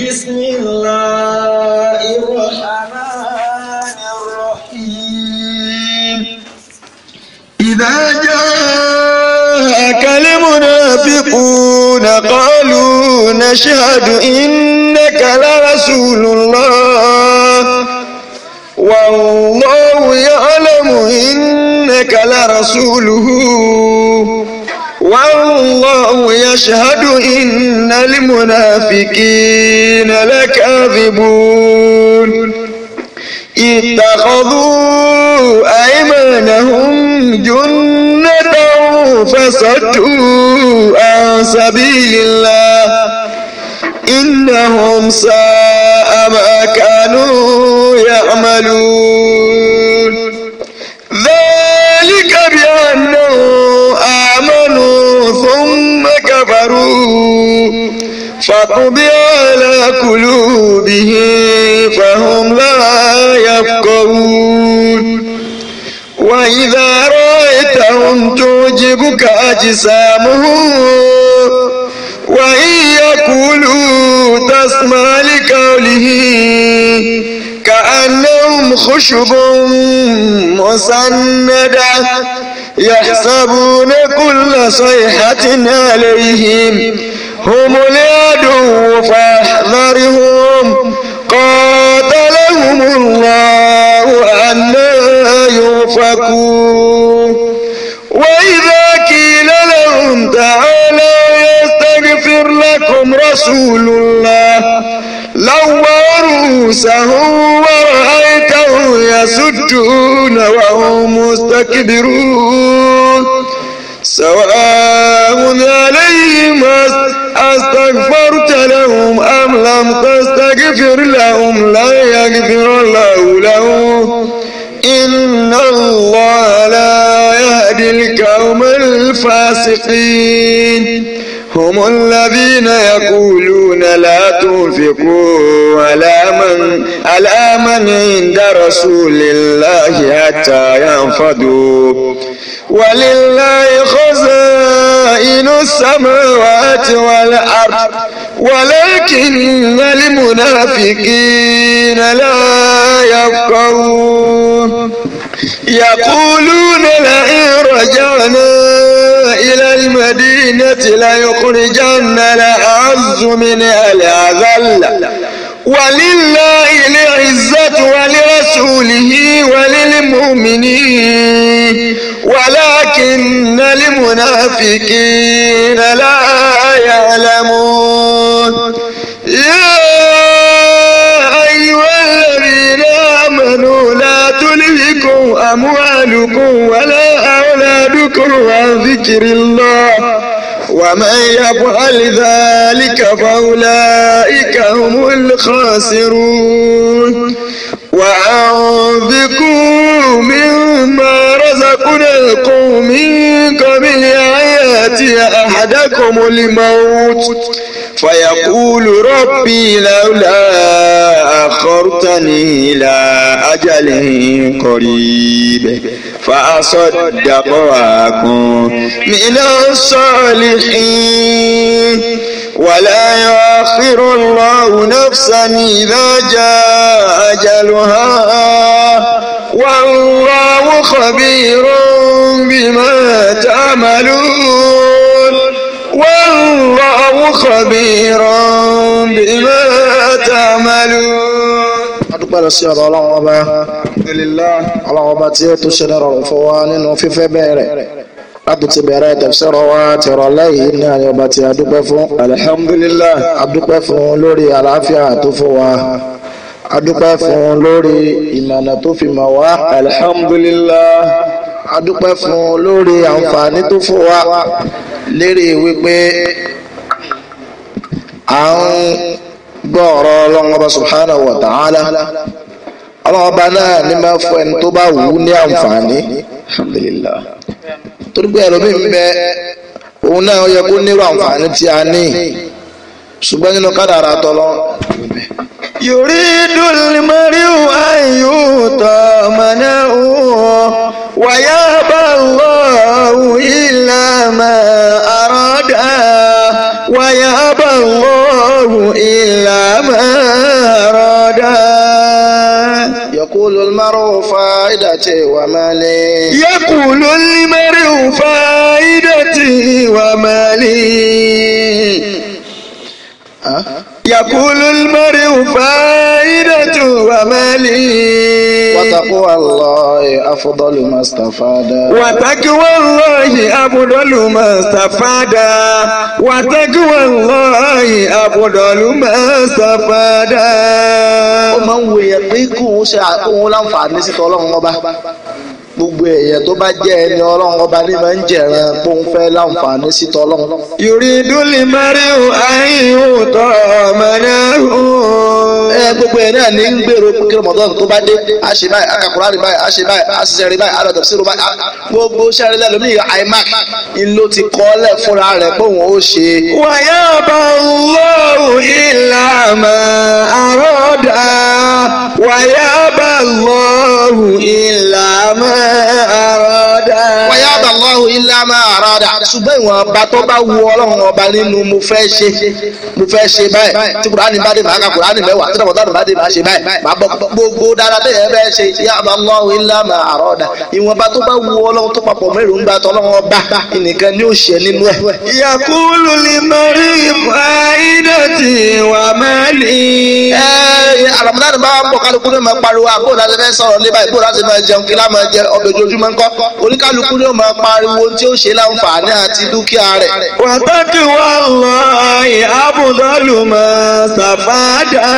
بسم الله الرحمن الرحيم إذا جاءك المنافقون قالوا نشهد إنك لرسول الله والله يعلم إنك لرسوله نشهد إن المنافقين لكاذبون اتخذوا أيمانهم جنة فصدوا عن سبيل الله إنهم ساء ما كانوا يعملون فطبع على قلوبهم فهم لا يفقهون وإذا رأيتهم تعجبك أجسامهم وإن يقولوا تسمع لقولهم كأنهم خشب مسندة يحسبون كل صيحة عليهم هم العدو فاحذرهم قاتلهم الله أن يؤفكون وإذا قيل لهم تعالى يستغفر لكم رسول الله لو رؤوسه ورأيته يسجون وهم مستكبرون سواء عليهم أستغفر أستغفرت لهم أم لم تستغفر لهم لا يغفر الله لهم إن الله لا يهدي القوم الفاسقين هم الذين يقولون لا تنفقوا على من على من عند رسول الله حتى ينفضوا ولله خزائن السماوات والأرض ولكن المنافقين لا يفقهون يقولون لئن رجعنا إلى المدينة ليخرجن الأعز منها الأذل ولله العزة ولرسوله وللمؤمنين ولكن المنافقين لا يعلمون يا أيها الذين آمنوا لا تلهكم أموالكم ولا أولادكم عن ذكر الله ومن يفعل ذلك فأولئك هم الخاسرون وأنفقوا مما رزقناكم من قبل أن يأتي أحدكم الموت فيقول ربي لولا أخرتني إلى أجل قريب فأصدق وأكون من الصالحين ولا يؤخر الله نفسا إذا جاء أجلها والله خبير بما تعملون والله خبير بما تعملون padà sí ọ̀dọ̀ ọlọ́run ọba ọlọ́run ọba tí ó tún ṣe ní rọrùn fún wa nínú fífẹ́ bẹ̀rẹ̀ láti ti bẹ̀rẹ̀ tafsir wa ti rọ̀lẹ́ yìí ní àyè ọba tí a dúpẹ́ fún alhamdulillah a dúpẹ́ fún lórí àlàáfíà tó fún wa a dúpẹ́ fún lórí ìmọ̀nà tó fi mọ̀ wá alhamdulillah a dúpẹ́ fún lórí àǹfààní tó fún wa lérí wípé à ń gbọ́ ọ̀rọ̀ ọlọ́run ọba subhanahu wa ta'ala ọlọ́run ọba náà ní máa fún ẹni tó bá wù ú ní àǹfààní alhamdulillah torí pé ẹlòmíín bẹ òun náà ó yẹ kó nírò àǹfààní tí a ní ṣùgbọ́n nínú kádàrá tọ́lọ́ يريد المرء أن يطمنه ويأبى الله إلا ما أراد ويأبى الله إلا ما أراد يقول المرء فائدتي ومالي يقول المرء فائدتي ومالي يقول المرء فائدة ومالي وتقوى الله أفضل ما استفادا وتقوى الله أفضل ما استفادا وتقوى الله أفضل ما استفادا ó máa ń wo èèyàn pé kóun ṣe àkóhun láǹfààní sí tọ́lọ́run ọba gbogbo èèyàn tó bá jẹ́ ẹni ọlọ́run ọba ní máa ń jẹ̀ràn pé òun fẹ́ láǹfààní síta ọlọ́run. yuridul mariu àyìnwó tọ́ mẹ́rẹ́rù. ẹ gbogbo ẹ̀ náà ní ń gbèrò kí Ramadan tó bá dé a ṣe báyìí a ka Kùránì báyìí a ṣe báyìí a ṣiṣẹ́ rí báyìí a lọ tafsir báyìí gbogbo sẹ́rin lẹ́nu mi imac ń ti kọ́ lẹ̀ fúnra rẹ̀ pé òun ó ṣe. wàyà bá Allahu illa ma arada wàyà bá Allahu illa padà ṣùgbọ́n ìwọ̀n ọba tó bá wu ọlọ́run ọba nínú mo fẹ́ ṣe mo fẹ́ ṣe báyìí tí kùránì bá dé màá ka kùránì mẹ́wàá tí rọ̀mọ́tà bá dé màá ṣe báyìí màá bọ̀ gbogbo dára tẹ̀ ẹ́ bẹ́ẹ̀ ṣe yá Allahu illa ma arada ìwọ̀nba tó bá wu ọlọ́run tó papọ̀ mẹ́rin ń bá tọ́lọ́run ọba nìkan ni ó ṣe nínú ẹ̀. yaqulu limari fa'idati wa mali. ẹ alamudani bá ń bọ̀ kálukú ní ma pariwo àbúrò ah, láti fẹ́ sọ̀rọ̀ níbàyí bó láti máa jẹun jàǹfààní àti dúkìá rẹ̀. wàtàkì wà lọ àbùdálùmọ̀ sàfádà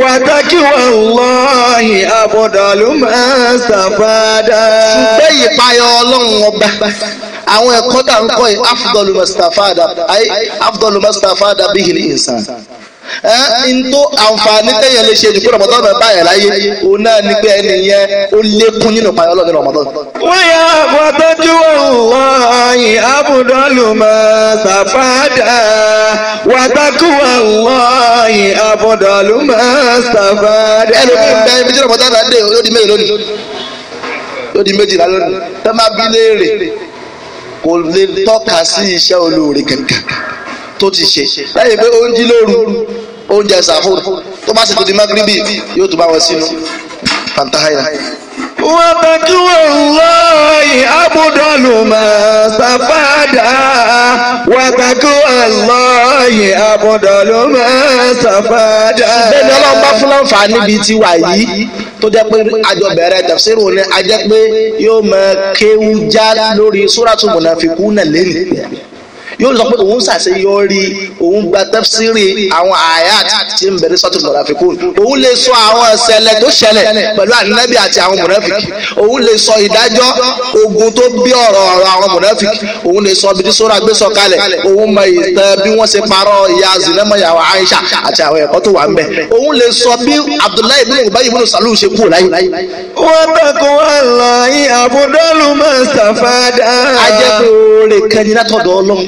wàtàkì wà lọ àbùdálùmọ̀ sàfádà. ṣùgbọ́n ìpayọ̀ ọlọ́run ọba àwọn ẹ̀kọ́ tá à ń kọ́ yìí afdọ́lù mustafada ayé afdọ́lù mustafada bihil insan ẹ ntó àǹfààní tẹ̀yẹ̀ lè ṣe ìdìbò rọ̀mọ́tọ́ náà báyẹ̀ láyé òun náà ní pé ẹni yẹn ó lékún nínú payọ́ lọ́dún rọ̀mọ́tọ́. wọ́n yà wọ́n tọ́jú abudọ́lù mọ́ sàfádà wàtàkùwà wọ́ọ̀yì abudọ́lù mọ́ sàfádà. ẹlòmíì ń bẹ ibi tí ọ̀pọ̀ táwọn dé lódi méjì lónìí lódi méjìlá lónìí tẹ́ máa bí léèrè kò lè tọ́ka sí iṣẹ́ olóore kankan tó ti ṣe láyé pé ó lóru oúnjẹ ṣàfùn tó bá sì tó di magribi yóò tún bá wọn sínú pàǹtàhàyà. وبدو الله أبدل ما تفادى وبدو الله أبدل ما تفادى. bẹ́ẹ̀ni ọlọ́run bá fún láǹfààní bíi tiwa yìí tó jẹ́ pé àjọ bẹ̀rẹ̀ tafsiru ni a jẹ́ pé yóò máa kéwú lórí suratul munafiquna lẹ́nu yóò sọ pé òun ṣàṣeyọrí òun gba tafsiri àwọn ayat tí ń bẹ̀rẹ̀ sọ́tún mọ̀nàfikún òun lè sọ àwọn ìṣẹ̀lẹ̀ tó ṣẹlẹ̀ pẹ̀lú ànábì àti àwọn mọ̀nàfikì òun lè sọ ìdájọ́ ogun tó bí ọ̀rọ̀ ọ̀rọ̀ àwọn mọ̀nàfikì òun lè sọ bìtí sóra gbé sọ̀kalẹ̀ òun mọ ìtàn bí wọ́n ṣe parọ́ ìyá zinamayawa Aisha àti àwọn ẹ̀kọ́ tó wà ń bẹ̀ òun lè sọ bí Abdullahi ibn Ubay ibn Salul ṣe kú láyé. wọ́n bá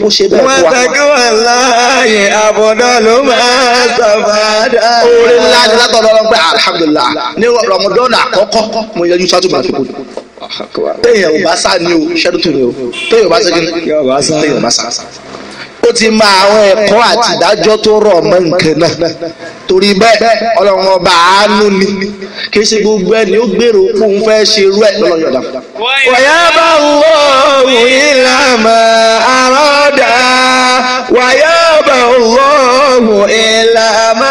kó ṣe bẹ́ẹ̀ fún wa. wọ́n tẹ́kí wọn láàyè àbọ̀dọ́ ló máa sàfàdà. oore ńlá ni látọ̀dọ̀ ọlọ́pẹ́ alihamudulilayi ní rọmọdọ́nà àkọ́kọ́ mo yẹjú sátú màfíkù téèyàn ò bá sá ni o ṣẹ́dútù ni o téèyàn ò bá sá ni téèyàn ò bá sá ti mọ àwọn ẹ̀kọ́ àti ìdájọ́ tó rọ̀ mọ́ nǹkan náà torí bẹ́ẹ̀ ọlọ́run ọba àánú ni kì í ṣe gbogbo ẹni ó gbèrò kó òun fẹ́ ṣe irú ẹ̀ lọ́lọ́ yọ̀dá. wàyà bá wọ òun ìlànà àròdà wàyà bá wọ òun ìlànà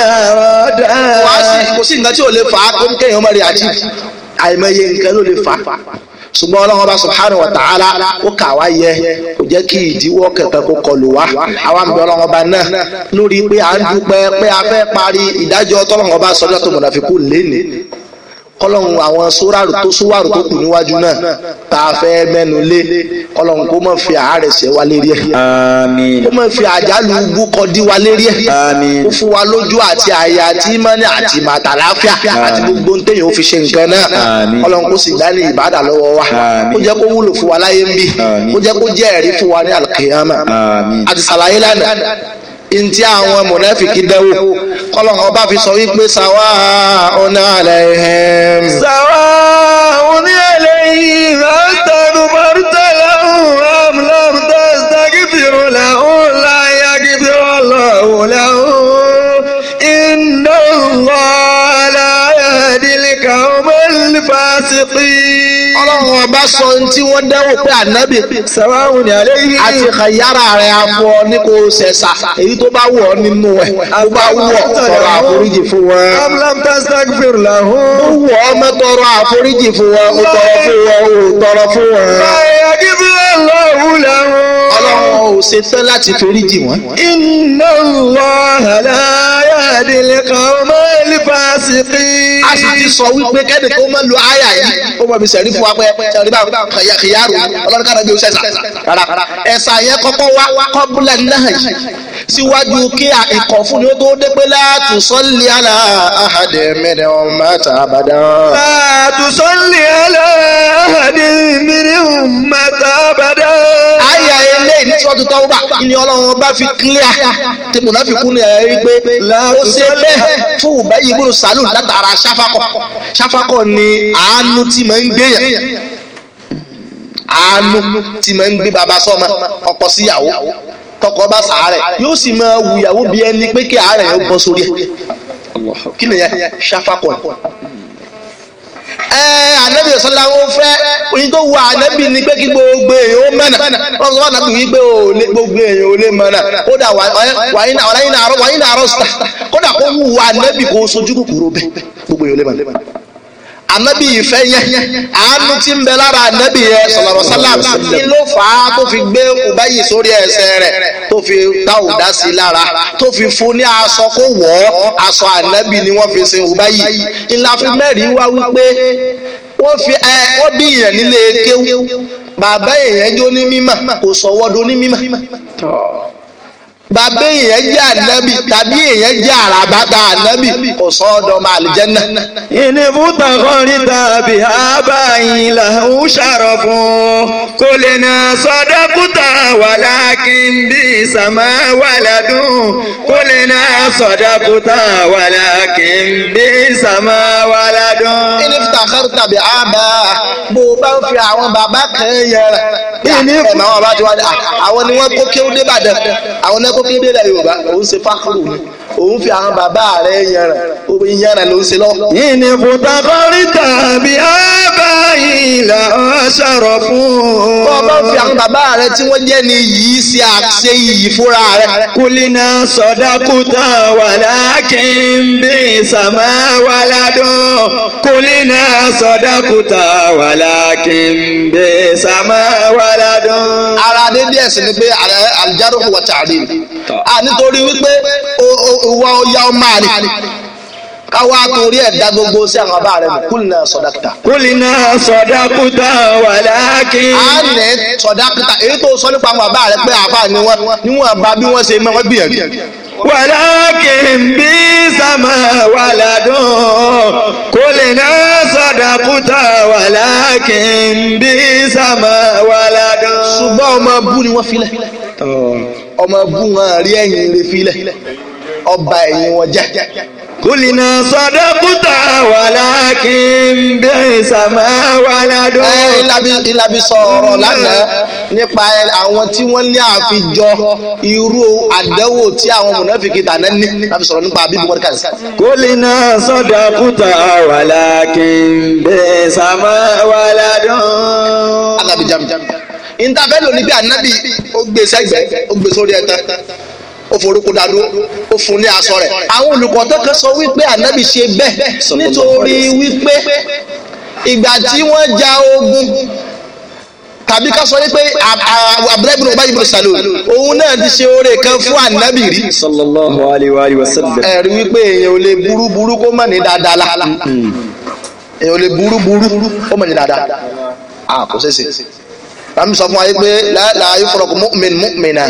àròdà. wàá sì kò sí nǹkan tí ò lè fà á kó kéèyàn má rí àti àìmọye nǹkan ló lè fà á ṣùgbọ́n ọlọ́run ọba subhanahu wa ta'ala ó kà wá yẹ kò jẹ́ kí ìdíwọ́ kẹ̀kẹ́ kó kọlù wá àwa ń bẹ ọlọ́run ọba náà lórí pé à ń dúpẹ́ pé a fẹ́ parí ìdájọ́ tọ́lọ́run ọba sọjọ́ tó mọ̀nàfikù lénìí kọlọ́hún àwọn sóràrù tó sówàrù tó kù níwájú náà tá a fẹ́ mẹ́nu lé kọlọ́hún kó má fi àárẹ̀ ṣe wa lérí ẹ̀. kó má fi àjálù ugbó kọdí wa lérí ẹ̀. kó fún wa lójú àti àyà àti mọ́ni àti màtàláfíà àti gbogbo ń ó fi ṣe nǹkan náà. kọlọ́hún kó sì dání ìbádà lọ́wọ́ wa. kó jẹ́ kó wúlò fún wa láyé ń bì. kó jẹ́ kó jẹ́ ẹ̀rí fún wa ní àlùkìyámà. àmín. àti sàlàyé lánàá kọ́lọ́run ọba fi sọ wípé sàwa ọ̀nà àlẹ́ ẹ̀hẹ́m. sàwa ọ̀nà àlẹ́ yìí látọ̀nù mọ́rútà lẹ́hùn amúlọ́rù tó ṣàkíbìrún lẹ́hùn láyà kíbìrún lọ́hùn lẹ́hùn iná lọ́ọ̀lá yàdìlì kàwọn mẹ́lì fásitì ọlọ́run ọba sọ tí wọ́n dẹ́wò pé ànábì àti kàyára rẹ̀ afọ ní kò sẹ̀sà èyí tó bá wọ̀ nínú ẹ̀ tó bá wọ̀ sọ̀rọ̀ àforíjì fún wọn. ó wọ̀ ọmọ tọrọ àforíjì fún wọn ó tọrọ fún wọn ó tọrọ fún wọn. ẹ̀yà kí bí ọlọ́run làwọn ò ṣe tán láti forí jì wọ́n. inna Allaha la yahdil qawmal fasiqin. a sì ti sọ wípé kẹ́ni kó má lo àyà yìí ó mọ̀ mi sẹ̀rí fún wa pé sẹ̀rí bá kìyàrò ọlọ́dún kára bí o ṣẹ̀ṣà. ẹ̀sà yẹn kọ́kọ́ wá kọ́bùlà náà yìí síwájú kí ẹ̀kọ́ fún ni ó tó dé pé láàtú sọ́ọ̀lì àlà àhàdẹ̀ mẹ́rin ọmọ àtà àbàdà. láàtú sọ́ọ̀lì àlà àhàdẹ̀ mẹ́rin ọmọ àtà àbàdà. àyà ilé ìdí tí wọ́n ti tọ́wọ́ bá ilé ọlọ́run bá fi kílíà tí mùnáfíkún ni ẹ̀rí pé ó ṣe bẹ́ẹ̀ fún Ubayy ibn Salul látara ṣáfákọ̀ ṣáfákọ̀ ni àánú tí máa ń gbéyàn àánú tí máa ń gbé baba sọ́mọ ọkọ síyàwó tọkọ bá sàárẹ̀ yóò sì máa wù ìyàwó bí ẹni pé kí àárẹ̀ yẹn bọ́ sórí ẹ̀ kí nìyẹn ṣàfàkọ̀ ẹ anabi sọlá ń fẹ́ oyin tó wù anabi ni pé kí gbogbo èèyàn ó mẹ́nà wọn sọ anabi wí pé gbogbo èèyàn ó lè mẹ́nà kódà wàyí náà ọ̀rọ̀ yìí náà arọ́ sùtà kódà kó wù anabi kó sojú kúkúrú bẹ́ẹ̀ gbogbo èèyàn ó lè mẹ́nà anabi ìfẹ́ yẹn àánú tí ń bẹ lára anabi yẹn sọlọrọ sálàm ní ló fà á tó fi gbé Ubay sórí ẹsẹ̀ rẹ̀ tó fi dá òdá sí i lára tó fi fún ní aṣọ kó wọ̀ ọ́ aṣọ anabi ni wọ́n fi sin Ubay ńlá fi mẹ́rin wá wípé wọ́n fi ẹ wọ́n bí nílé kéwú bàbá èèyàn jó ní mímọ̀ kò sọ̀wọ́dọ̀ ní mímọ̀ bàbá èèyàn jẹ́ ànábì tàbí èèyàn jẹ́ àràbàbà ànábì kò sọ ọdọ ọmọ àlìjẹ́nà. ìnìfúta kọrin tàbí àbá yìí làwọn ṣàrọ̀ fún kò lè nà sọdọ́ kúta wàlá kí n bí sàmá wàlá dùn kò lè nà sọdọ́ kúta wàlá kí n bí sàmá wàlá dùn. ìnìfúta kọrin tàbí àbá bó bá fi àwọn bàbá kan yẹra. ìnìfúta àwọn ni wọ́n kó kéwú débàdàn àwọn náà kó tó kí délẹ̀ yorùbá òun ṣe fákùrù ni òun fi àwọn bàbá rẹ̀ yànrà òun yànrà ló ń ṣe lọ. yìí ni fòtàkọ́rí tàbí àbá ìlà ọ̀ṣọ̀rọ̀ fún un. tó bá fi àwọn bàbá rẹ tí wọ́n jẹ́ ni yìí ṣe àṣe yìí fúnra rẹ. kúlínà sọdákùtà wàlákin bí sàmà wàládùn. kúlínà sọdákùtà wàlákin bí sàmà wàládùn. ara dédé ẹ̀sìn ni pé àlìjáró wà tààrí à nítorí wípé ìwà ọ̀yà ọmọ àlè káwá torí ẹ̀ dá gbogbo sí àwọn bàbá rẹ̀ mọ̀ kúlìnà sọ̀dákítà. kúlìnà sọ̀dákítà wàláàkì. a nẹ sọ̀dákítà èyí tó sọ nípa àwọn bàbá pé àbá ni wọ́n níwọ̀n bá bí wọ́n ṣe mọ́ wọ́n gbìyànjú. wàláàkì bí sàmà wàládùn kúlìnà sọ̀dákítà wàláàkì bí sàmà wàládùn ṣùgbọ́n ọmọ bú ni wọ́n filẹ̀ ọmọ bú wọn rí ẹ̀yìn rẹ̀ filẹ̀ ọba ẹ̀yìn wọn jẹ́. kùlìnà sọdọ kúta wàlá kí n bẹ ìsàmà wàlá dùn. ẹ ìlàbí sọ̀rọ̀ lánàá nípa àwọn tí wọ́n ní àfijọ irú àdánwò tí àwọn mọ̀nàfíkì tàná ní láti sọ̀rọ̀ nípa àbí bùkọ́rí kàdí. kùlìnà sọdọ kúta wàlá kí n bẹ ìsàmà wàlá dùn. alábìjámi ìntàfẹ́ lò níbi ànábì ó gbé sẹ́gbẹ́ ó gbé sórí ẹ̀tàn ó forúkú dàdú ó fún ní aṣọ rẹ̀. àwọn olùkọ́ tó kẹ́ sọ wípé ànábì ṣe bẹ́ẹ̀ nítorí wípé ìgbà tí wọ́n ja ogun tàbí ká sọ wípé abdullahi bin ubayi bin salul òun náà ti ṣe oore kan fún ànábì rí. sallallahu alayhi wa sallam. ẹ̀rí wípé èèyàn ò lè burú burú kó mọ̀ ní dáadáa la hmm. èèyàn ò lè burú burú kó mọ̀ ní dáadáa. a kò ṣeé ṣe láti sọ fún wa yìí pé la yufraku mu'min mu'mina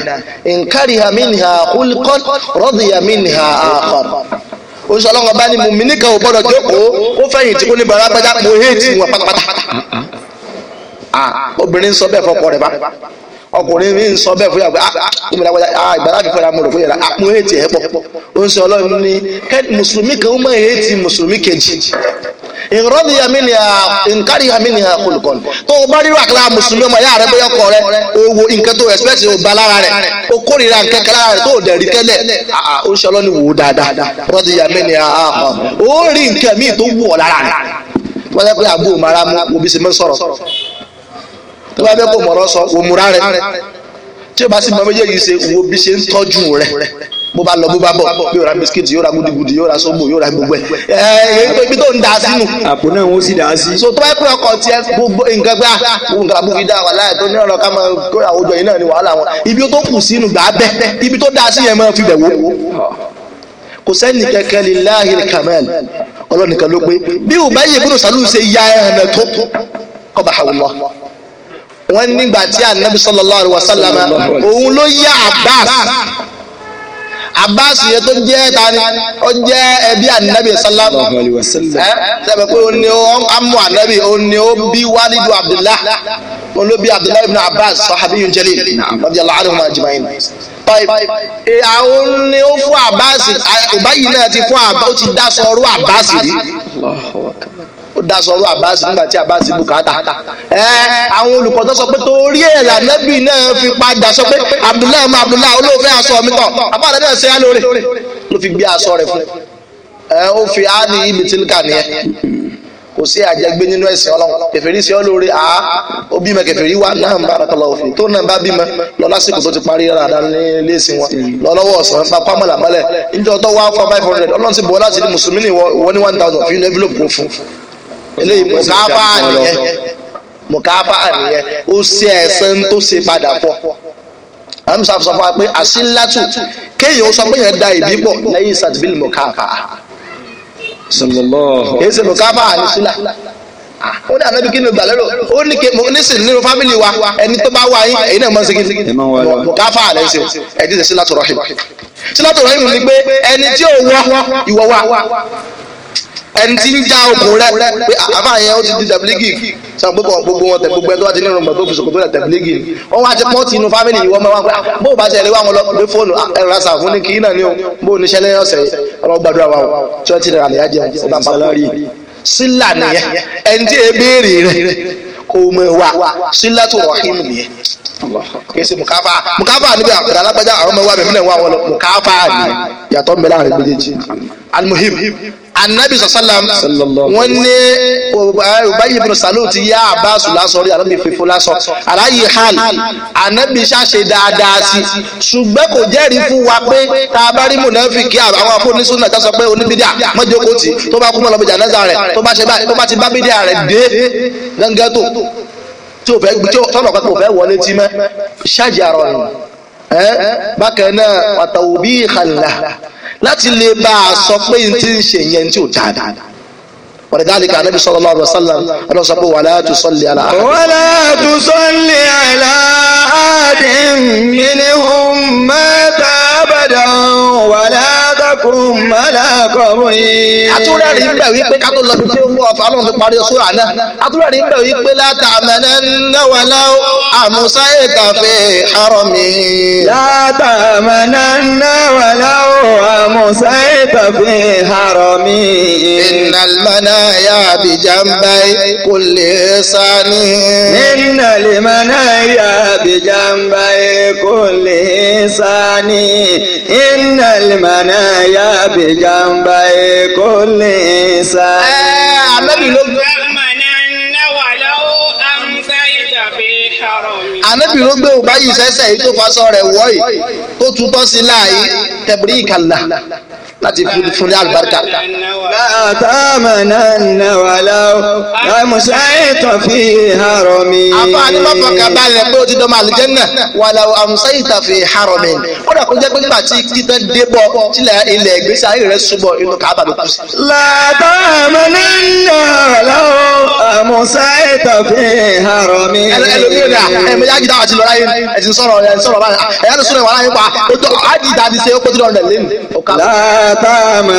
in kariha minha khulqan radiya minha akhar oṣooṣọ́lọ́wọ́ bá ní mùmíní kan ò gbọ́dọ̀ jókòó ó fẹ̀yìn tí kò ní bàrà gbájá mo héètì wọn pátápátá ah, obìnrin sọ bẹ́ẹ̀ fọkọ rẹ̀ bá ọkùnrin mi ń sọ bẹ́ẹ̀ fún yàgbẹ́ ah, ah, ìgbàlá fífọ́ ra mo rò fún yàrá mo héètì ẹ̀ pọ̀ ó ń sọ ọlọ́run ní mùsùlùmí kan ó mọ̀ héètì mùsùlùmí kejì ìrọ́bì yamini ha nkari yamini ha kulukọ tó o bá rírọ àkàrà mùsùlùmí ọmọ ìyá rẹ bóyá ọkọ rẹ owó nǹkan tó ẹ̀sìpẹ́sì o ba lára rẹ o kórìíra nǹkan kan lára rẹ tó o dẹ̀ rí tẹ́lẹ̀ o ṣe ọlọ́ni wò ó dáadáa rọ́bì yamini ha o rí nǹkan míì tó wù ọ́ lára rẹ wọ́n sọ pé àbúrò mara mú obi sì mọ́ sọ̀rọ̀ tó bá fẹ́ kó mọ̀rọ̀ sọ wò múra o bá sì bó bá lọ bó bá bọ̀ yóò ra bisikíìtì yóò ra gudugudu yóò ra sóbò yóò ra gbogbo ẹ ẹ ẹ ibi tó ń da sínú. àpò náà wọ́n sì dà á sí. so tó bá pẹ́ ọkọ̀ tiẹ̀ gbogbo nǹkan gbá gbogbo nǹkan àbúfi dá wà láyé tó ní ọ̀rọ̀ ká máa kó àwùjọ yìí náà ni wàhálà wọn ibi tó kù sínú gbà bẹ́ ibi tó da sí yẹn máa fi bẹ̀ wò. kò sẹ́ni kẹ́kẹ́ lillahi kamal ọlọ́nìkan ló pé bí Ubayy ibn Salul ṣe nígbà tí Ànábì sallallahu alaihi wasallam òun ló yá Abbas Abbas yẹn tó jẹ́ tani ó jẹ́ ẹbí anabi sallam ẹ sẹ́mi pé ó ní ó amú anabi ó ní ó bí walidu abdullah ó ló bí abdullah ibn Abbas sahabiyun jalil radiyallahu anhuma ajma'in. àwọn ni ó fún Abbas ìbáyìí náà ti fún Abbas ó ti dá sọ ọrú rí. ó dá àbáàsì nígbà tí àbáàsì bùkátà ẹ àwọn olùkọ́ tó sọ pé torí ẹ̀ lànàbì náà fi padà sọ pé abdullahi ọmọ abdullahi olóòfẹ́ aṣọ mi tọ̀ abáàdá náà ṣe á lórí ló fi gbé asọ rẹ fún ẹ ó fi á ní ibi tí nìyẹn kò sí àjẹgbé nínú sí ọ ó wa náà ń bára òfin tó náà bá lọ lásìkò tó ti parí rárá ní wọn lọ bá five hundred ti láti ní eléyìí mùkáfà nìyẹn mùkáfà nìyẹn ó ṣe ẹ̀san tó ṣe padà pọ̀ àwọn sọ fún wa pé àṣìlátù kéèyàn ó sọ pé yẹn da ìbí pọ̀ lẹ́yìn sàtìbílì mùkáfà kìí ṣe mùkáfà ní sílà ó ní ànábi kí ni gbà lérò ó ní ké nísìnyí nínú fámìlì wa ẹni tó bá wá yín èyí náà mọ̀ sí kí ni mùkáfà ẹ̀dí ṣe sílátù rọ̀hìn sílátù rọ̀hìn ni pé ẹni tí ò wọ́ ìwọ wa ẹni tí ń já okùn rẹ pé àbá yẹn ó ti di tẹ̀blígì sọ gbogbo gbogbo wọn tẹ gbogbo ẹ tó bá ti ní irun gbogbo fìṣòkò tó lẹ tẹ̀blígì ni wọn wá ti pọ́ọ̀tì inú fámìlì yìí wọ́n mẹ́wàá pé ah, bó o bá ṣe ẹ̀rí wá wọn lọ pé fóònù ah, ẹ̀rọ àṣà fún ní kì í náà ni o bó o níṣẹ́ lẹ́yìn ọ̀sẹ̀ ọlọ́wọ́ gbàdúrà wa o tí wọ́n ti rà lẹ́yà jẹun ọba pàkórí sílà nìyẹn ẹni tí èébèrè rẹ kò mọ̀ wá sílà tó rọ̀ kì í ṣe mùkáfà mùkáfà níbi àgbàdo alágbájá àwọn ọmọ wa bẹ̀rẹ̀ mílẹ̀ wà wọlé mùkáfà ni yàtọ̀ mbẹ́lẹ̀ àrẹ méjèèjì alimuhim anabi sallam wọn ní Ubayy ibn Salul ti yá abasu lásán rí anabi fífún lásán aláyé hàn anabi ṣàṣe dáadáa sí ṣùgbọ́n kò jẹ́rìí fún wa pé tá a bá rí mùnàfíkì àwọn afọ́nisúnà tá a sọ pé oníbídà mọ́jọ́kọ́ tì tó bá kú mọ́ lọ́bìjà náà rẹ̀ tó bá ti bá bídà rẹ̀ dé gángan tí o fẹ́ gbé tọ́nà kan tí o fẹ́ wọlé tí mẹ́ ṣáàjàrọ̀ ni bákan náà wàtàwọ̀ bí ìkàlà láti lè bá a sọ pé n ti ń ṣe yẹn tí o dáadáa ولذلك النبي صلى الله عليه وسلم قال له ولا تصلي على احد ولا تصلي على احد منهم مات ابدا ولا تكن على قبره اتولاري نبا وي بي كاتو لو تي مو افا لون دي باري سورا نا اتولاري نبا وي بي لا تامنن ولو امسيت في حرمي لا تامنن ولو امسيت في حرمي ان المنن المنايا بجنبي كل إحسان إن المنايا بجنبي كل إحسان إن المنايا بجنبي كل إحسان ànábì ló gbé òbá yìí sẹ́sẹ̀ yìí tó fasọ rẹ̀ wọ́ yìí tó tutọ́ sí láàyè tẹ̀bírí ìkàlà láti fún ní àlùbáríkà. لا تامنن ولو أمسيت في هرمي àbá ni bá fọkàn balẹ̀ pé o ti dọ́mọ àlùjẹ́nà wàlà àmúṣẹ́yìntà fi harọ̀mì ó dà kó jẹ́ pé nígbà tí títẹ́ dé bọ́ tilẹ̀ ilẹ̀ ìgbésí ayé rẹ̀ ṣubọ̀ inú kábà ló kù sí. làtàmì nínú lọ́wọ́ àmúṣẹ́yìntà fi harọ̀mì. ẹlòmíràn ni ẹ̀mí yá jìdá àti lọ́ra yìí ẹ̀ ti sọ̀rọ̀ ẹ̀ sọ̀rọ̀ báyìí ẹ̀yà ló sọ̀rọ̀ wàhálà yìí pa ó jọ àdìdá ti ó kó tó dọ̀rọ̀ lẹ́nu. làtàmì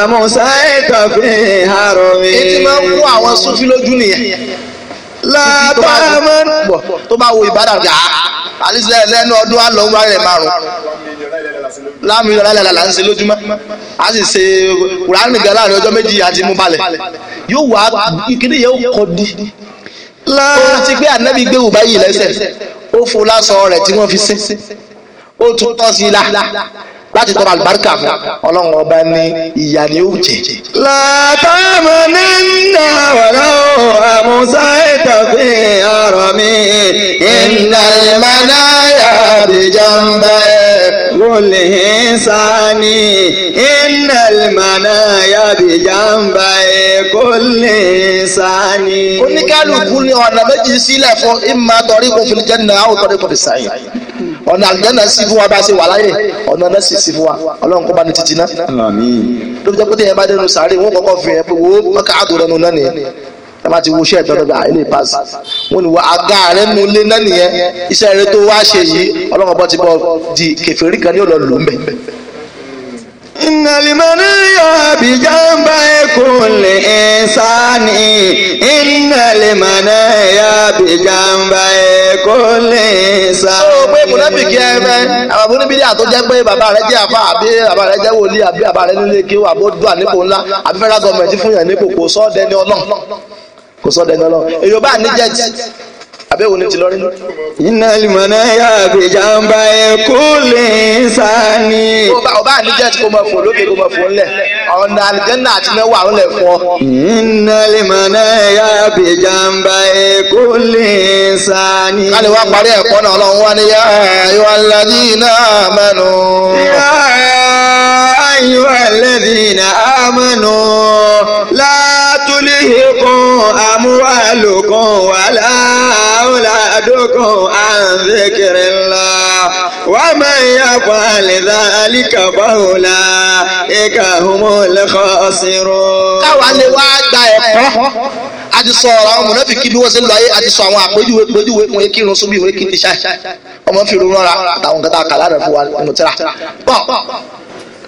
àmúṣá ìkọ̀fin àròmí. etí máa ń kó àwọn súnfí lójú nìyẹn. látàmú tó bá wo ìbàdàn gà á àlìsẹ lẹ́nu ọdún àlọ ń wáyé márùn láàmú ìlú aláìlá là ń ṣe lójúmọ́ a sì ṣe kùránì gan láàrin ọjọ́ méjì àti mú balẹ̀ yóò wá ìkéde yẹn ó kọ di láàá ti gbé ànábì gbé wùbá yìí lẹ́sẹ̀ ó fo lásán rẹ̀ tí wọ́n fi sí ó tún tọ́ sí i la láti tọrọ àlùbáríkà fún ọlọ́run ọba ní ìyà ni ó jẹ. látàmú ní nàwọ̀rọ̀ àmúṣá ìtọ̀fẹ́ ọ̀rọ̀ mi iná ìmọ̀láyà àbíjàmbá wọlé sani iná ìmọ̀láyà àbíjàmbá kọlé sani. oníkálukú ni ọ̀nà méjì sílẹ̀ fún ìmọ̀ àtọ̀rí kò fi jẹ́ nà áwòtọ́rí kò fi sàyìn ọ̀nà àlùjánnà sí fún wa bá ṣe wà láyè ọ̀nà náà sì sí fún wa ọlọ́run kó bá ní títí ná. ló fi jẹ́ pé téèyàn bá dénú sàárè wọ́n kọ́kọ́ fi hàn pé wo mọ́kà àdó rẹ̀ nù náà nìyẹn ẹ má ti wo iṣẹ́ ìtọ́jú ah, gba ilé ìpàṣẹ wọn ni wọ àga rẹ̀ nù lé náà nìyẹn iṣẹ́ rẹ̀ tó wá ṣe yìí ọlọ́run bọ́ ti bọ́ di kèfèrí kan ní ọ̀lọ́ lòún bẹ́ẹ̀ inna limani yabi jamba kulli insani inna limani yabi jamba kulli insani. ó pé mùnàbìkì ẹ fẹ́ àwọn oníbìrì àtọ́jẹ́ pé bàbá rẹ jẹ́ àfa àbí bàbá rẹ jẹ́ wòlíì àbí bàbá rẹ nílé kí wà bó dùn ànípò ńlá àbí fẹ́ràn gọ́ọ̀mẹ̀ntì fún yàn nípò kò sọ́ọ́ dẹni ọlọ́run kò sọ́ọ́ dẹni ọlọ́run èyí ò bá níjẹ́ àbẹ́wò ni ti lọ rí. iná limọ̀nà yà gbèjàmbá ẹ̀kú lè sani. ọba àníjẹ́ tí kò mọ̀ fún olókè kò mọ̀ fún lẹ̀ ọ̀nà àlìjẹ́nà àti náwó àwọn lẹ̀ fún ọ. iná limọ̀nà yà gbèjàmbá ẹ̀kú lè sani. ká lè wá parí ẹ̀kọ́ náà ọlọ́run wá ní yá ayọ̀ aládì náà mẹ́nu. yá ayọ̀ aládì náà mẹ́nu látúlẹ̀ kún àmúwálò kún wàlá. يصدكم عن ذكر الله ومن يفعل ذلك فأولئك هم الخاسرون adi lè wá gba ẹ̀kọ́ a ti sọ ọ̀rọ̀ àwọn mọ̀nàfíkì bí wọ́n ṣe ń lọ ayé a ti sọ àwọn àpéjúwe péjúwe wọn kí irun súnbí wọn kí n ti ṣá fi irun rọra àtàwọn nǹkan tá a fún wa nínú tíra bọ́n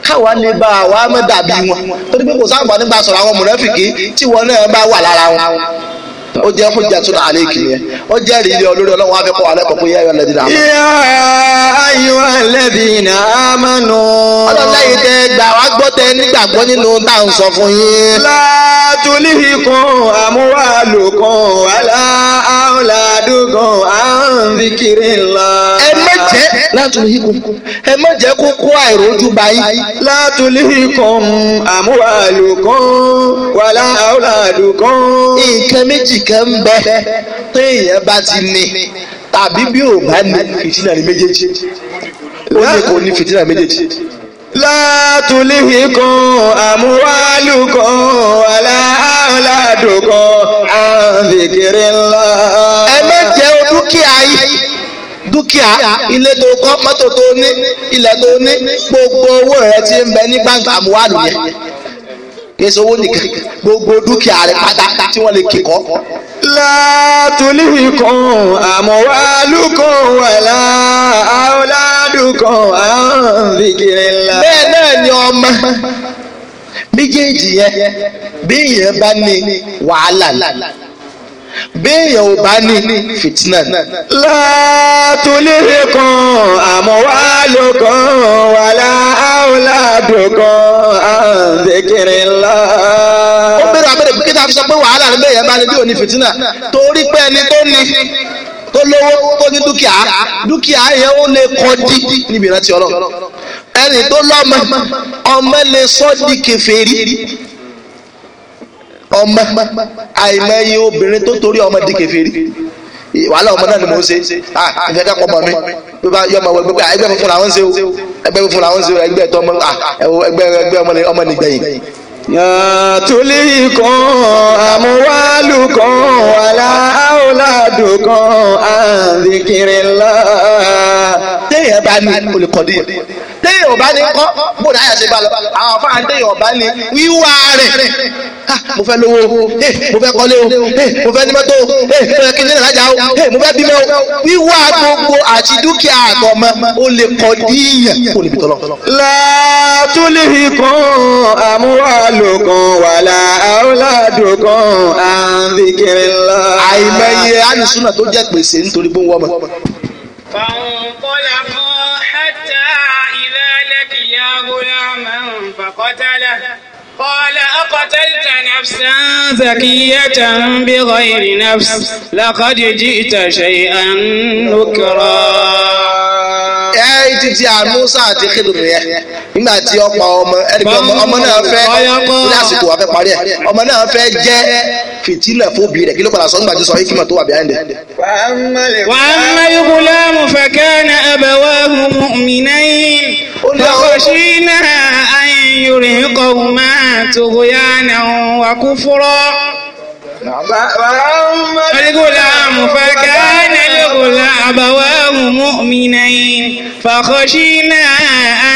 káwa lè bá wa mọ́ dàbí wọn torí pé kò sáà nígbà sọ̀rọ̀ àwọn mọ̀nàfíkì tí wọn náà bá wà lára wọn ó jẹ́ hujjatun alayki yẹn ó jẹ́ rí ilé olórí ọlọ́run afẹ́ kọ́ alẹ́ kọ́ fún yẹ́yọ́ lẹ́dínà. yá ayọ̀ lẹ́dínà amánú. ọlọ́lẹ́yìn tẹ gbà wá gbọ́ tẹ nígbàgbọ́ nínú tá à ń sọ fún yín. látúlìhì kan àmúwàlù kan wàlá àwòlàdù kan à ń fi kiri ńlá. ẹ jẹ́ látòlí hikùn ẹ má jẹ́ kó kó àìrójú bá yín. látòlí hikùn àmúhàlùkùn wàlá àwòlàdùkùn. nǹkan méjì kan ń bẹ téèyàn bá ti ní tàbí bí ò bá ní fìtínà ní méjèèjì ó ní kò ní fìtínà méjèèjì látúlìhìkan àmúwálùkan aláàládùkan àǹdìkìrìlá. ẹ má jẹ́ dúkìá yìí dúkìá ilé tó kọ́ mọ́tò tó ní ilẹ̀ tó ní gbogbo owó rẹ ti ń bẹ ní báńkì àmúwádùn yẹn kìí owó nìkan gbogbo dúkìá rẹ pátá tí wọ́n lè kíkọ́. látúlìkùn àmúwálùkùn wàlá àwòládùkùn àǹfìkìrìlà. bẹ́ẹ̀ náà ni ọmọ méjèèjì yẹn bí ìyẹn bá ní wàhálà náà béèyàn ò bá ní fìtínà. látòlérè kan àmọ́ wá ló kan wà láàládò kan àǹdékèrè ńlá. ó bẹ̀rẹ̀ abẹ́rẹ́ kíkà fi sọ pé wàhálà ní béèyàn bá ní bí ò ní fìtínà torí pé ẹni tó ní tó lówó tó ní dúkìá dúkìá yẹn ó lè kọjí níbi ìrántí ọlọ́run ẹni tó lọ́mọ ọmọ lè sọ́ di kèfèrí ọmọ àìmọye obìnrin tó torí ọmọ di kèfèrí wàhálà ọmọ náà ni mò ń ṣe ah ìfẹ́ ká pọ̀ mọ́ mi bí bá yọ ọmọ wọ gbẹgbẹ ẹgbẹ́ funfun làwọn ń ṣe o ẹgbẹ́ funfun làwọn ń ṣe o ẹgbẹ́ ẹ̀tọ́ ọmọ ah ẹgbẹ́ ẹgbẹ́ ọmọ nìgbẹ̀yìn tulikum amwalukum wala auladukum an zikrillah. téèyàn bá ní olùkọ́dé téèyàn ò bá ní kọ́ bó dáyà ṣe bá lọ àwọn afáàn téèyàn ò bá ní wíwá rẹ̀ mo fẹ́ lówó mo fẹ́ kọ́lé o mo fẹ́ nímọ́tò mo fẹ́ kíndé nàlájà o mo fẹ́ bímọ o wíwá gbogbo àti dúkìá àtọmọ ó lè kọ́ díyàn kó níbi tọ́lọ́ àmúwálùkùn wàlà àwòládùkùn àǹdíkìrìlá. àìmọye alùsùnà tó jẹ́ pèsè nítorí bó ń wọ́mọ. فانطلقوا حتى إذا لقيا غلاما فقتله قال أقتلت نفسا زكية بغير نفس لقد جئت شيئا نكرا ẹ títí àmúsà àti Khidir yẹn nígbà tí ọ̀pá ọmọ ẹ̀dùnkẹ́ ọmọ náà fẹ́ ní àsìkò wàá parí ẹ̀ ọmọ náà fẹ́ jẹ́ fìtílẹ̀ fóbi rẹ̀ kí ló padà sọ nígbà tí sọ yìí tó wà bí àyẹ̀ndẹ̀. wà á má yúkúlẹ̀ mufakana abawahu mu'minain fakọ̀ṣínà ayùrìnkọ̀ọ́ máa tòkòyánà wà kúfúrọ́. فالغلام فكان الغلام أبواه مؤمنين فخشينا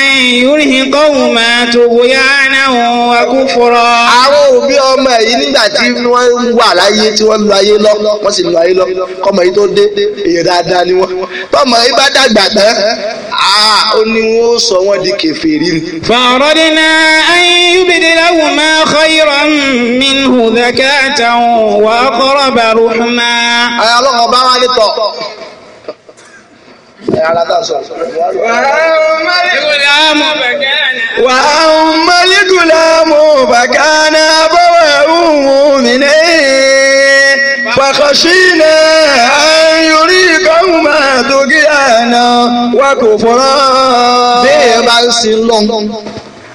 أن يلهقهما طغيانا وكفرا. àwọn òbí ọmọ yìí nígbà tí wọ́n wà láyé tí wọ́n lu ayé lọ wọ́n sì lu ayé lọ kọ́mọ yìí tó dé èèyàn dáadáa ni wọ́n tọ́mọ yìí bá dàgbà tán. Ah, ó ní wọn ó sọ wọn di kèfèrí ni. fàrọ́dínà ayélujára máa khayran minhu zakatan wà aqraba ruhma. ayé ọlọ́kọ̀ bá wà ní tọ̀ وأما الغلام فكان أبواه مؤمنين فخشينا أن يريكهما طغيانا وكفرا bẹ́ẹ̀ bá ń sin lọ́n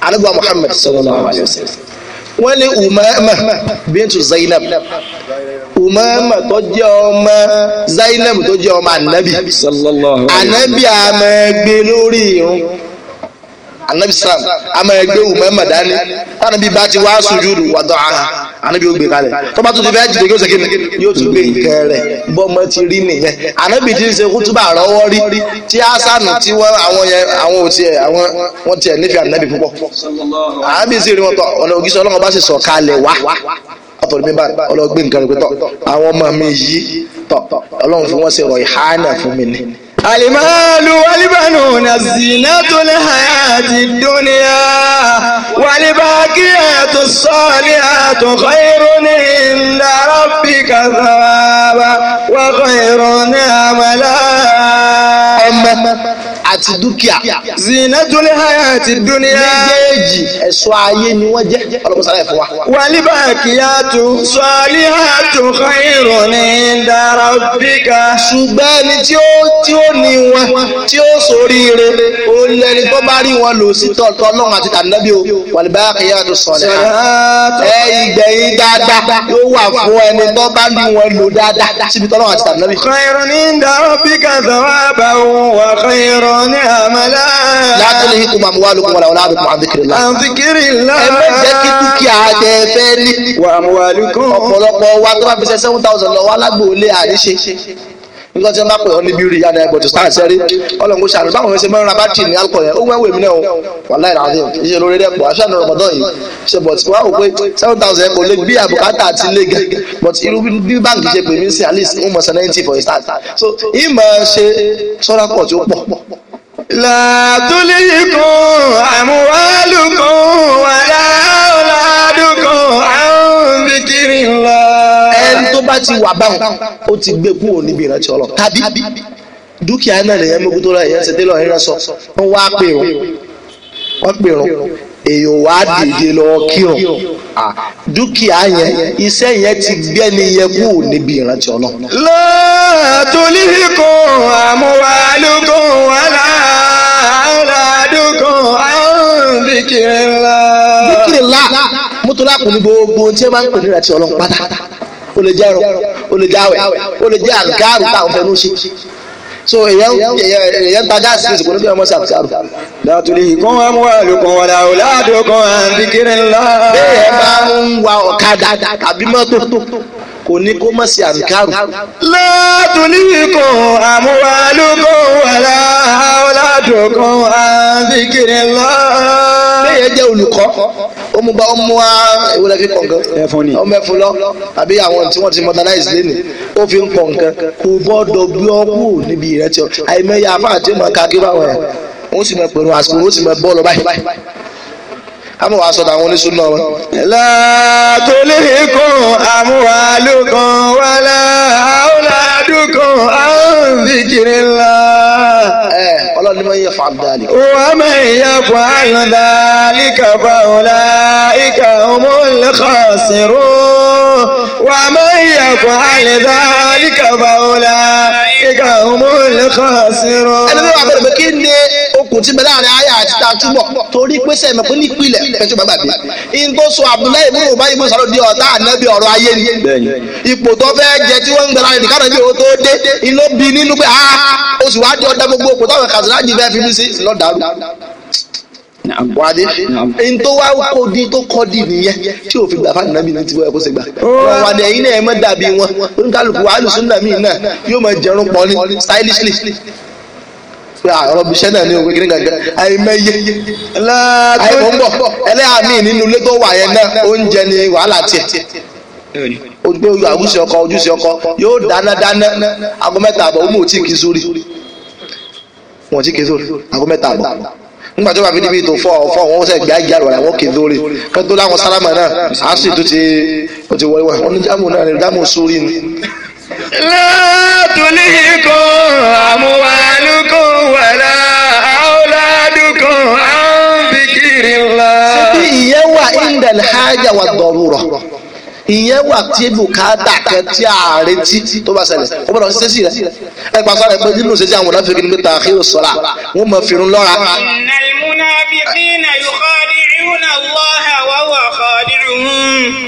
alábà Muhammad sallallahu alayhi wa sallam wọ́n ní umama bintu Zainab umama tó jẹ́ ọmọ Zainab tó jẹ́ ọmọ anabi anabi amẹ́gbẹ́ lórí irun anabi sam amẹ́gbẹ́ umama dání tánàbí bá ti wá sùjúdù wàdọ̀ àhà anabi yóò gbé kalẹ̀ tọ́ba tó ti fẹ́ jìde yóò sèké yóò tún gbé nǹkan rẹ̀ bọ́mọ ti rí nìyẹn anabi ti ń ṣe kútúbà rọ́wọ́ rí tí asanu tí wọ́n àwọn yẹn àwọn ò tiẹ̀ àwọn wọ́n tiẹ̀ nífẹ̀ẹ́ anabi púpọ̀ anabi sì rí wọn tọ̀ ọ̀nà ògísọ̀ ọlọ́run bá sì sọ̀ kalẹ̀ wá àtọ̀rọ̀ mi báyìí ọlọ́gbé nǹkan rẹ̀ pé tọ̀ àwọn ọmọ mi yìí tọ̀ ọlọ́run fún wọn ṣe rọ̀ ìhánà fún mi ni. المال والبنون الزينة الحياة الدنيا والباقيات الصالحات خير عند ربك ثوابا وخير عملا àti dúkìá. zinatul hayati dunya. méjèèjì ẹ̀ṣọ́ ayé ni wọ́n jẹ́ ọlọ́mọsára ẹ̀fọ́ wa. wal baqiyatu salihatu khayrun inda rabbika. ṣùgbọ́n ẹni tí ó tí ó ní wọn tí ó ṣoríire ó lẹ́ni tó bá rí wọn lò sí tọ̀tọ̀ náà àti tànàbí o wal baqiyatu salihatu. ẹ ìgbẹ̀yìn dáadáa yóò wà fún ẹni tó bá rí wọn lò dáadáa síbi tọ́lọ́ àti tànàbí. khayrun rabbika thawaban wa ونعم لا تلهكم أموالكم ولا أولادكم عن ذكر الله عن ذكر الله ẹ má jẹ́ kí dúkìá tẹ fẹ́ rí ọ̀pọ̀lọpọ̀ wa tó bá fi ṣe seven thousand lọ wá lágbo nígbà tí wọn bá pè ọ níbi rí yàrá ẹgbẹ tó sáà sẹrí Ọlọ́run kò ṣàlùbá àwọn ẹsẹ mẹ́rin abájì ní alukọ yẹn ó wẹ wèmí náà wàhálà ìràwé iṣẹ lórí rẹ pọ aṣáájú Ramadan yìí ṣe bọ tí wọn ò pé seven thousand kò lè gbé àbùkátà àti lè gẹ but irú bí báńkì ṣe pè mí sí at least one more seventy for a start so ìmọ̀ ṣe sọ́ra pọ̀ tí ó pọ̀. لا تلهكم أموالكم ولا أولادكم عن ذكر الله ẹni tó bá ti wà báwọn ó ti gbé kúrò níbi ìrántí ọlọ tàbí dúkìá náà lèyàn mú tó lọ èyàn ṣe délọ ìran sọ wọn wá pè rún wọn pè rún èèyàn wá dìde lọ kírun dúkìá yẹn iṣẹ́ yẹn ti gbẹ́ni yẹ kúrò níbi ìrántí ọlọ. lọ́ọ̀ tó ní gbogbo tí ẹ máa ń pè ní ìrántí ọlọ́run pátá ó lè jẹ́ ẹ̀rọ ó lè jẹ́ àwẹ̀ ó lè jẹ́ àgárù táwọn fẹ́ ló ṣe so èyàn èyàn ta gáàsì ní ìsìnkú níbi ọmọ sí àtàrù. dàtúlì kan wà mú àlùkò wọn dà ọ̀là àdókò àǹdíkiri ńlá. bẹ́ẹ̀ bá ń wa ọ̀kadà tàbí mọ́tò kò ní kó mọ̀ sí àǹkárù. látòlí kan àmúwálùkọ wàlá ọ̀làdùkọ àǹdíkiri ńlá. bẹ́ẹ̀ jẹ́ olùkọ́ ó mú bá ó mú wá ewu lẹ́ fi kọ̀ǹkan ó mẹ́fun lọ àbí àwọn tí wọ́n ti modernize lé ní ó fi ń kọ̀ǹkan kò gbọ́dọ̀ gbé ọ kú níbi ìrẹsì ọ àìmọye àfa àti ọmọ kakí báwọn yẹn ó sì mọ pẹ̀lú àsìkò ó sì mọ bọ́ọ̀lù báyìí àmọ́ àwọn oníṣúná wọn. látòlí يفعل ذلك ومن يفعل ذلك فأولئك هم الخاسرون ومن يفعل ذلك فأولئك هم الخاسرون okùn tí bẹ́ẹ̀ láàrin àyà àti tá a túbọ̀ torí pé sẹ́mi pé nípìnlẹ̀ ẹ̀tọ́ gbàgbé in tó so Abdullahi ibùdó bá ibùdó sọ̀rọ̀ di ọ̀tá ànábì ọ̀rọ̀ ayé ni ipò tó fẹ́ jẹ tí wọ́n ń gbẹ̀rẹ̀ nìkan náà bí o tó dé iná bí nínú pé o ah, sì wá di ọ̀dà gbogbo òkú táwọn kàtàlájì fẹ́ fi mí sí lọ́dàrú wáde ntọ́ wa kò di tó kọ́ di nìyẹn tí òfin gbà fáwọn nàbí ní ti wọ́n ẹ̀kọ́ ṣe gbà. wàdí ẹ̀yin náà ẹ̀ mọ́ dàbí wọn oníkàlùkù wàhálùsùn nàmí náà yóò máa jẹun pọ̀ ní stylishly pé ah, ọ̀rọ̀ bí iṣẹ́ náà ní òwe kiri gàgà àìmọye àìmọ̀ ń bọ̀ ẹlẹ́yàmí nínú ilé tó wà yẹn náà oúnjẹ ni wàhálà tiẹ̀ ojú àwùsí ọkọ ojúṣe ọkọ yóò dáná dáná aago mẹ́ta àbọ̀ ọmọ òtí kìí sórí wọn ti kìí sórí aago mẹ́ta àbọ̀ nígbà tó bá fi níbi ètò fọ ọfọ wọn ó sẹ gbé àjà rẹ wọn kìí sórí kẹtó láwọn sálámà náà àásì tó ti wọlé wọn ní jámù náà ní jámù sórí ni látò ní ikọ̀ àmúwálùkọ̀ wàlá àọ́ládùkọ̀ àǹfikìrìlá. ṣé ìyẹn wà indal haja wà darura ìyẹn wà tí bùkátà kẹ tí a retí tó bá ṣẹlẹ̀ ó gbọ́dọ̀ ṣiṣẹ́ sí rẹ̀ ẹ pàṣẹ rẹ̀ pé nínú ṣe àwọn ọ̀dọ́ fi tàkìrì sọ̀rọ̀ wọn mọ̀ fìrún lọ́ra.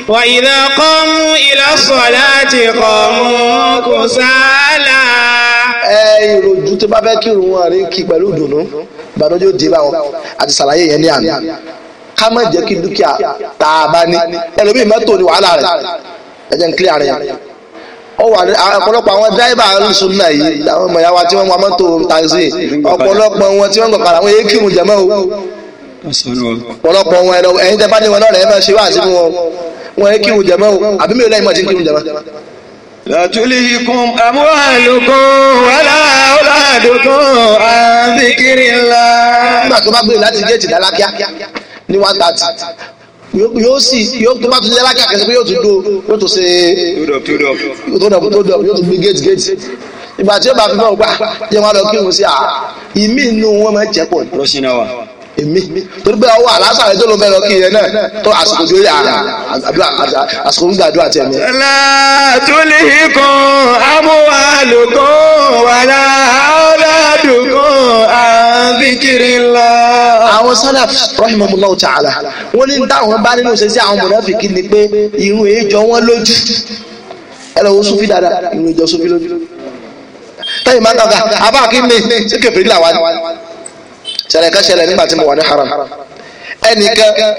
وإذا قاموا إلى الصلاة قاموا كسالى ìròjú tó bá fẹ́ kírun wọn rí kí pẹ̀lú ìdùnnú ìbànújẹ́ òde báwọn àti ṣàlàyé yẹn ní àná ká má jẹ́ kí dúkìá tá a bá ní ẹlòmíì mọ́tò ní wàhálà rẹ̀ ẹ̀jẹ̀ ń kílẹ̀ rẹ̀ ọ̀pọ̀lọpọ̀ àwọn dáìbà alùsùn náà yìí àwọn ọmọ ìyá wa tí wọ́n wá mọ́tò taxi ọ̀pọ̀lọpọ̀ wọn tí wọ́n gbọ̀kàrà àwọn èékìrùn jẹ̀mọ́ o pọ̀lọpọ̀ wọn ẹ̀rọ ẹ̀yin tẹ́ bá ní wọn lọ́rẹ̀ ẹ̀ máa ṣe wá àti fún wọn wọn ẹ̀ kírun jẹ̀mọ́ o àbí mi ò lẹ́yìn mọ̀ ti kírun jẹ̀mọ́. làtúlìkùn àmúhàlùkùn wàlà ọ̀làdùkùn àbíkírìlá. nígbà tó bá gbé láti géètì dálákíá ní one thirty yóò sì yóò tó bá tún jẹ́ lákàkà sí pé yóò tún dó yóò tún ṣe tó dọ̀bù tó dọ̀bù yóò tún gbé géètì géètì ìgbà tí yóò bá fi bá ògbà yẹ wọn lọ kírun sí à ìmí inú wọn máa ń jẹ́ pọ̀ ní èmi torí pé ọwọ́ àlásà tó ló ń bẹ lọ kí yẹn náà tó àsìkò tó àsìkò ń gbàdúrà tẹ̀mí. la tulhikum amwalukum wala auladukum an zikrillah. àwọn salaf rahimahullahu ta'ala wọ́n ní táwọn bá nínú ṣe sí àwọn mùnáfìkì ni pé irun èèjọ wọn lójú ẹ lọ wo sufi irun èèjọ sufi lójú. táyì máa ń kàkà abá kí ni ṣé kẹfẹ́ ní ṣẹlẹ̀ kan ṣẹlẹ̀ nígbà tí mo wà ní haram ẹnìkan